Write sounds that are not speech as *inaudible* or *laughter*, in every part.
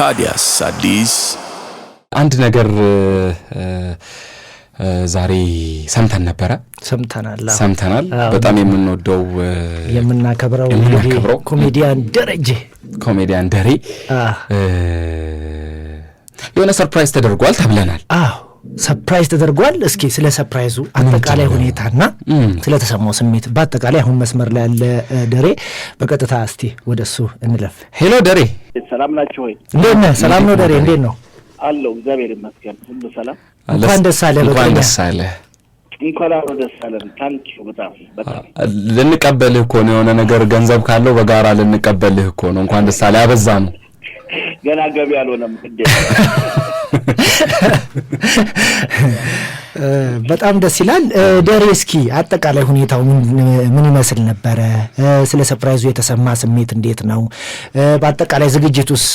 ታዲያስ አዲስ አንድ ነገር ዛሬ ሰምተን ነበረ። ሰምተናል ሰምተናል። በጣም የምንወደው የምናከብረው የምናከብረው ኮሜዲያን ደረጀ ኮሜዲያን ደሬ የሆነ ሰርፕራይዝ ተደርጓል ተብለናል። አዎ ሰርፕራይዝ ተደርጓል። እስኪ ስለ ሰርፕራይዙ አጠቃላይ ሁኔታና ስለተሰማው ስሜት በአጠቃላይ አሁን መስመር ላይ ያለ ደሬ በቀጥታ እስቲ ወደ እሱ እንለፍ። ሄሎ ደሬ ሰላም ናቸው ወይ? እንዴት ነህ? ሰላም ነው ደሬ፣ እንዴት ነው አለው። እግዚአብሔር ይመስገን ሁሉ ሰላም። እንኳን ደስ አለህ። እንኳን ደስ አለህ። እንኳን አብሮ ደስ አለን። ታንኪዩ በጣም በጣም ልንቀበልህ እኮ ነው። የሆነ ነገር ገንዘብ ካለው በጋራ ልንቀበልህ እኮ ነው። እንኳን ደስ አለህ። ያበዛ ነው ገና ገቢ አልሆነም። *laughs* በጣም ደስ ይላል። ደሬ እስኪ አጠቃላይ ሁኔታው ምን ይመስል ነበረ? ስለ ሰፕራይዙ የተሰማ ስሜት እንዴት ነው? በአጠቃላይ ዝግጅት ውስጥ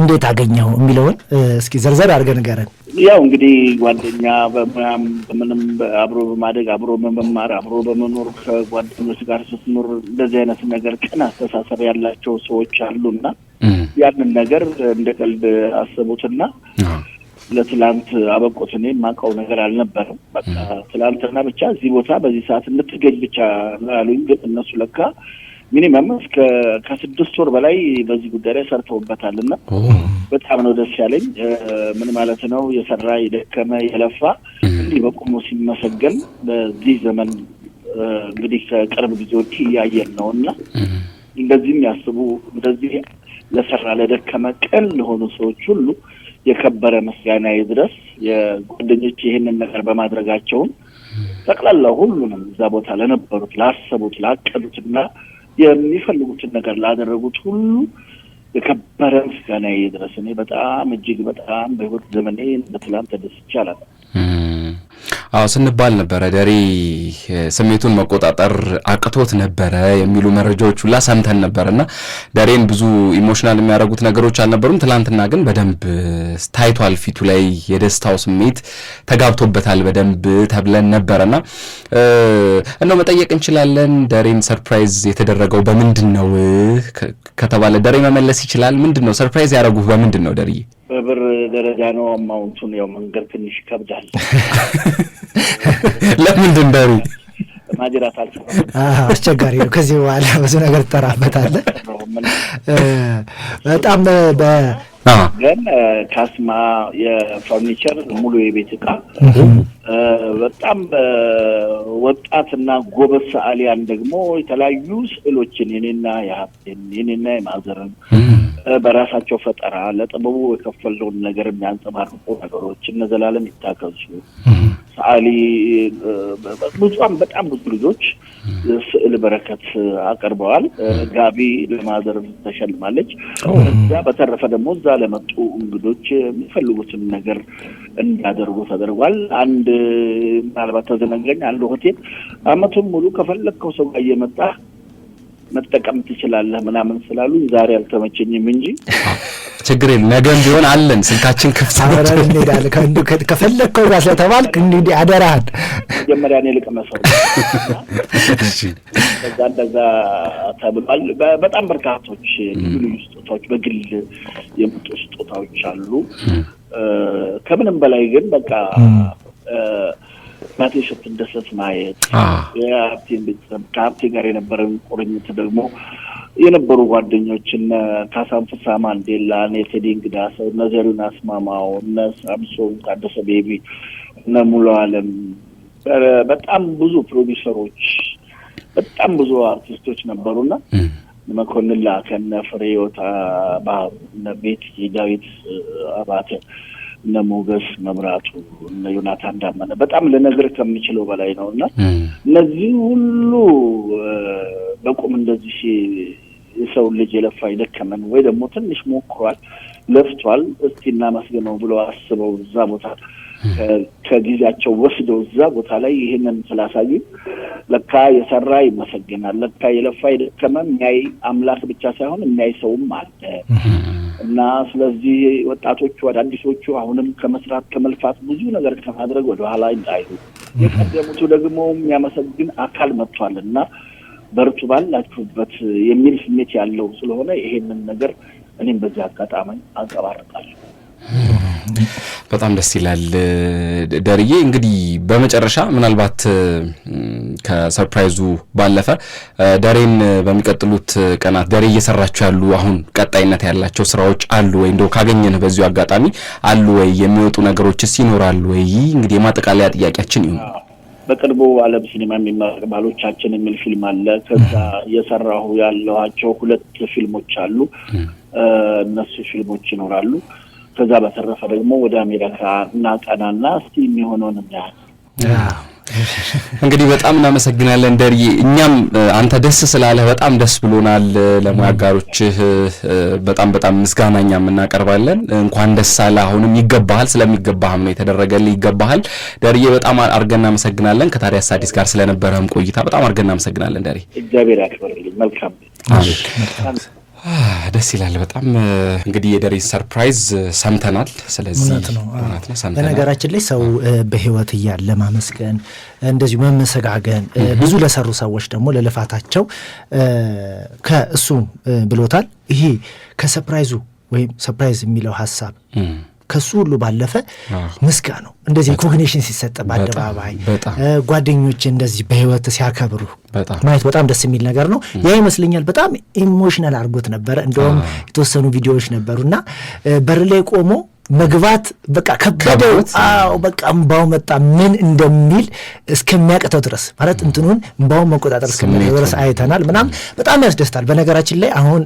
እንዴት አገኘው የሚለውን እስኪ ዘርዘር አድርገህ ንገረን። ያው እንግዲህ ጓደኛ በሙያም በምንም አብሮ በማደግ አብሮ በመማር አብሮ በመኖር ከጓደኞች ጋር ስትኖር እንደዚህ አይነት ነገር ቀን አስተሳሰብ ያላቸው ሰዎች አሉና ያንን ነገር እንደ ቀልድ አሰቡትና ለትላንት አበቆት። እኔ የማውቀው ነገር አልነበረም። በቃ ትላንትና ብቻ እዚህ ቦታ በዚህ ሰዓት እንትገኝ ብቻ ላሉኝ፣ ግን እነሱ ለካ ሚኒመም እስከ ከስድስት ወር በላይ በዚህ ጉዳይ ላይ ሰርተውበታል እና በጣም ነው ደስ ያለኝ። ምን ማለት ነው የሰራ የደከመ የለፋ እንዲህ በቁሙ ሲመሰገን በዚህ ዘመን እንግዲህ ከቅርብ ጊዜ እያየን ነው እና እንደዚህም ያስቡ እንደዚህ ለሰራ ለደከመ ቀን ለሆኑ ሰዎች ሁሉ የከበረ ምስጋና ይድረስ። የጓደኞች ይህንን ነገር በማድረጋቸውም ጠቅላላ ሁሉንም እዛ ቦታ ለነበሩት፣ ላሰቡት፣ ላቀዱትና የሚፈልጉትን ነገር ላደረጉት ሁሉ የከበረ ምስጋና ይድረስ። እኔ በጣም እጅግ በጣም በህይወት ዘመኔ በትላንት ተደስቻለሁ። አዎ ስንባል ነበረ ደሪ ስሜቱን መቆጣጠር አቅቶት ነበረ የሚሉ መረጃዎች ሁላ ሰምተን ነበር እና ደሬን ብዙ ኢሞሽናል የሚያደርጉት ነገሮች አልነበሩም። ትላንትና ግን በደንብ ታይቷል። ፊቱ ላይ የደስታው ስሜት ተጋብቶበታል በደንብ ተብለን ነበረና እነው መጠየቅ እንችላለን። ደሬን ሰርፕራይዝ የተደረገው በምንድን ነው ከተባለ ደሬ መመለስ ይችላል። ምንድን ነው ሰርፕራይዝ ያደረጉህ በምንድን ነው ደርዬ? በብር ደረጃ ነው አማውንቱን። ያው መንገድ ትንሽ ይከብዳል። *laughs* ለምንድን በሪ ማጅራት አልሰ አስቸጋሪ ነው። ከዚህ በኋላ ብዙ ነገር ትጠራበታለህ። በጣም ግን ካስማ የፈርኒቸር ሙሉ የቤት እቃ በጣም ወጣትና ጎበዝ ሰዓሊያን ደግሞ የተለያዩ ስዕሎችን የኔና የሀብቴን የኔና የማዘርን በራሳቸው ፈጠራ ለጥበቡ የከፈለውን ነገር የሚያንጸባርቁ ነገሮች እነ ዘላለም ይታከሱ አሊ ብዙም በጣም ብዙ ልጆች ስዕል በረከት አቅርበዋል። ጋቢ ለማዘር ተሸልማለች። እዛ በተረፈ ደግሞ እዛ ለመጡ እንግዶች የሚፈልጉትን ነገር እንዲያደርጉ ተደርጓል። አንድ ምናልባት ተዘነገኝ አንድ ሆቴል አመቱን ሙሉ ከፈለግከው ሰው ጋር እየመጣ መጠቀም ትችላለህ ምናምን ስላሉኝ ዛሬ አልተመቸኝም እንጂ ችግር የለም። ነገም ቢሆን አለን ስልካችን ክፍት እንሄዳለን። ከፈለግከው ጋር ስለተባልክ እንግዲህ አደራህን መጀመሪያ እኔ ልቅመሰው እዛ እንደዛ ተብሏል። በጣም በርካቶች ልዩ ስጦታዎች፣ በግል የመጡ ስጦታዎች አሉ። ከምንም በላይ ግን በቃ እናቴ ስትደሰት ማየት የሀብቴን ቤተሰብ ከሀብቴ ጋር የነበረን ቁርኝት ደግሞ የነበሩ ጓደኞች እነ ካሳንፍሳ ማንዴላ፣ እነ ቴዲ እንግዳ ሰው፣ እነ ዘሪሁን አስማማው፣ እነ ሳምሶን ታደሰ ቤቢ፣ እነ ሙሉ አለም በጣም ብዙ ፕሮዲሰሮች፣ በጣም ብዙ አርቲስቶች ነበሩና መኮንን ላከ፣ እነ ፍሬዮታ ባህሩ፣ እነ ቤት የዳዊት አባተ፣ እነ ሞገስ መምራቱ እነ ዮናታን ዳመነ በጣም ልነግር ከምችለው በላይ ነው እና እነዚህ ሁሉ በቁም እንደዚህ የሰውን ልጅ የለፋ ይደከመን ወይ ደግሞ ትንሽ ሞክሯል ለፍቷል፣ እስቲ እናመስግነው ብለው አስበው እዛ ቦታ ከጊዜያቸው ወስደው እዛ ቦታ ላይ ይህንን ስላሳዩ ለካ የሰራ ይመሰግናል፣ ለካ የለፋ የደከመ የሚያይ አምላክ ብቻ ሳይሆን የሚያይ ሰውም አለ እና ስለዚህ ወጣቶቹ አዳዲሶቹ አሁንም ከመስራት ከመልፋት ብዙ ነገር ከማድረግ ወደኋላ እንዳይሉ የቀደሙቱ ደግሞ የሚያመሰግን አካል መጥቷል እና በርቱ ባላችሁበት የሚል ስሜት ያለው ስለሆነ ይሄንን ነገር እኔም በዚህ አጋጣሚ አንጸባርቃለሁ። በጣም ደስ ይላል ደርዬ። እንግዲህ በመጨረሻ ምናልባት ከሰርፕራይዙ ባለፈ ደሬን በሚቀጥሉት ቀናት ደሬ እየሰራቸው ያሉ አሁን ቀጣይነት ያላቸው ስራዎች አሉ ወይ? እንደው ካገኘን በዚሁ አጋጣሚ አሉ ወይ? የሚወጡ ነገሮችስ ይኖራሉ ወይ? እንግዲህ የማጠቃለያ ጥያቄያችን ይሁን። በቅርቡ ዓለም ሲኒማ የሚመረቅ ባሎቻችን የሚል ፊልም አለ። ከዛ እየሰራሁ ያለኋቸው ሁለት ፊልሞች አሉ። እነሱ ፊልሞች ይኖራሉ። ከዛ በተረፈ ደግሞ ወደ አሜሪካ እናቀናና እስቲ የሚሆነውን እናያል። እንግዲህ በጣም እናመሰግናለን ደርዬ። እኛም አንተ ደስ ስላለህ በጣም ደስ ብሎናል። ለሙያ አጋሮችህ በጣም በጣም ምስጋና እኛም እናቀርባለን። እንኳን ደስ አለ። አሁንም ይገባሃል፣ ስለሚገባህም ነው የተደረገልህ። ይገባሃል ደርዬ። በጣም አድርገን እናመሰግናለን። ከታዲያ አዲስ ጋር ስለነበረህም ቆይታ በጣም አድርገን እናመሰግናለን ደርዬ። እግዚአብሔር ያክብርልኝ። መልካም ደስ ይላል በጣም እንግዲህ የደሬን ሰርፕራይዝ ሰምተናል። ስለዚህ እውነት ነው። በነገራችን ላይ ሰው በህይወት እያለ ማመስገን እንደዚሁ መመሰጋገን ብዙ ለሰሩ ሰዎች ደግሞ ለልፋታቸው ከእሱ ብሎታል። ይሄ ከሰርፕራይዙ ወይም ሰርፕራይዝ የሚለው ሀሳብ ከሱ ሁሉ ባለፈ ምስጋ ነው። እንደዚህ ኮግኔሽን ሲሰጥ በአደባባይ ጓደኞች እንደዚህ በህይወት ሲያከብሩ ማየት በጣም ደስ የሚል ነገር ነው። ያ ይመስለኛል በጣም ኢሞሽናል አድርጎት ነበረ። እንደውም የተወሰኑ ቪዲዮዎች እና በር ላይ ቆሞ መግባት በቃ ከበደው። አዎ በቃ እምባው መጣ ምን እንደሚል እስከሚያቅተው ድረስ ማለት እንትኑን እምባውን መቆጣጠር እስከሚያቅተው ድረስ አይተናል። ምናም በጣም ያስደስታል። በነገራችን ላይ አሁን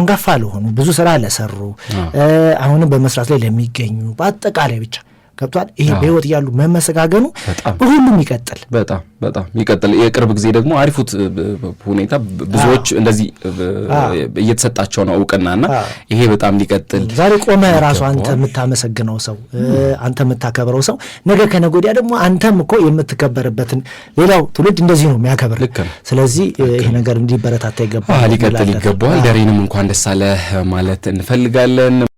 አንጋፋ ለሆኑ ብዙ ስራ ለሰሩ አሁንም በመስራት ላይ ለሚገኙ በአጠቃላይ ብቻ ገብቷል። ይሄ በህይወት እያሉ መመሰጋገኑ በሁሉም ይቀጥል፣ በጣም በጣም ይቀጥል። የቅርብ ጊዜ ደግሞ አሪፉት ሁኔታ ብዙዎች እንደዚህ እየተሰጣቸው ነው እውቅና ና ይሄ በጣም ሊቀጥል። ዛሬ ቆመ ራሱ አንተ የምታመሰግነው ሰው፣ አንተ የምታከብረው ሰው ነገ ከነጎዲያ ደግሞ አንተም እኮ የምትከበርበትን ሌላው ትውልድ እንደዚህ ነው የሚያከብር። ስለዚህ ይሄ ነገር እንዲበረታታ ይገባል፣ ሊቀጥል ይገባዋል። ደሬንም እንኳን ደሳለ ማለት እንፈልጋለን።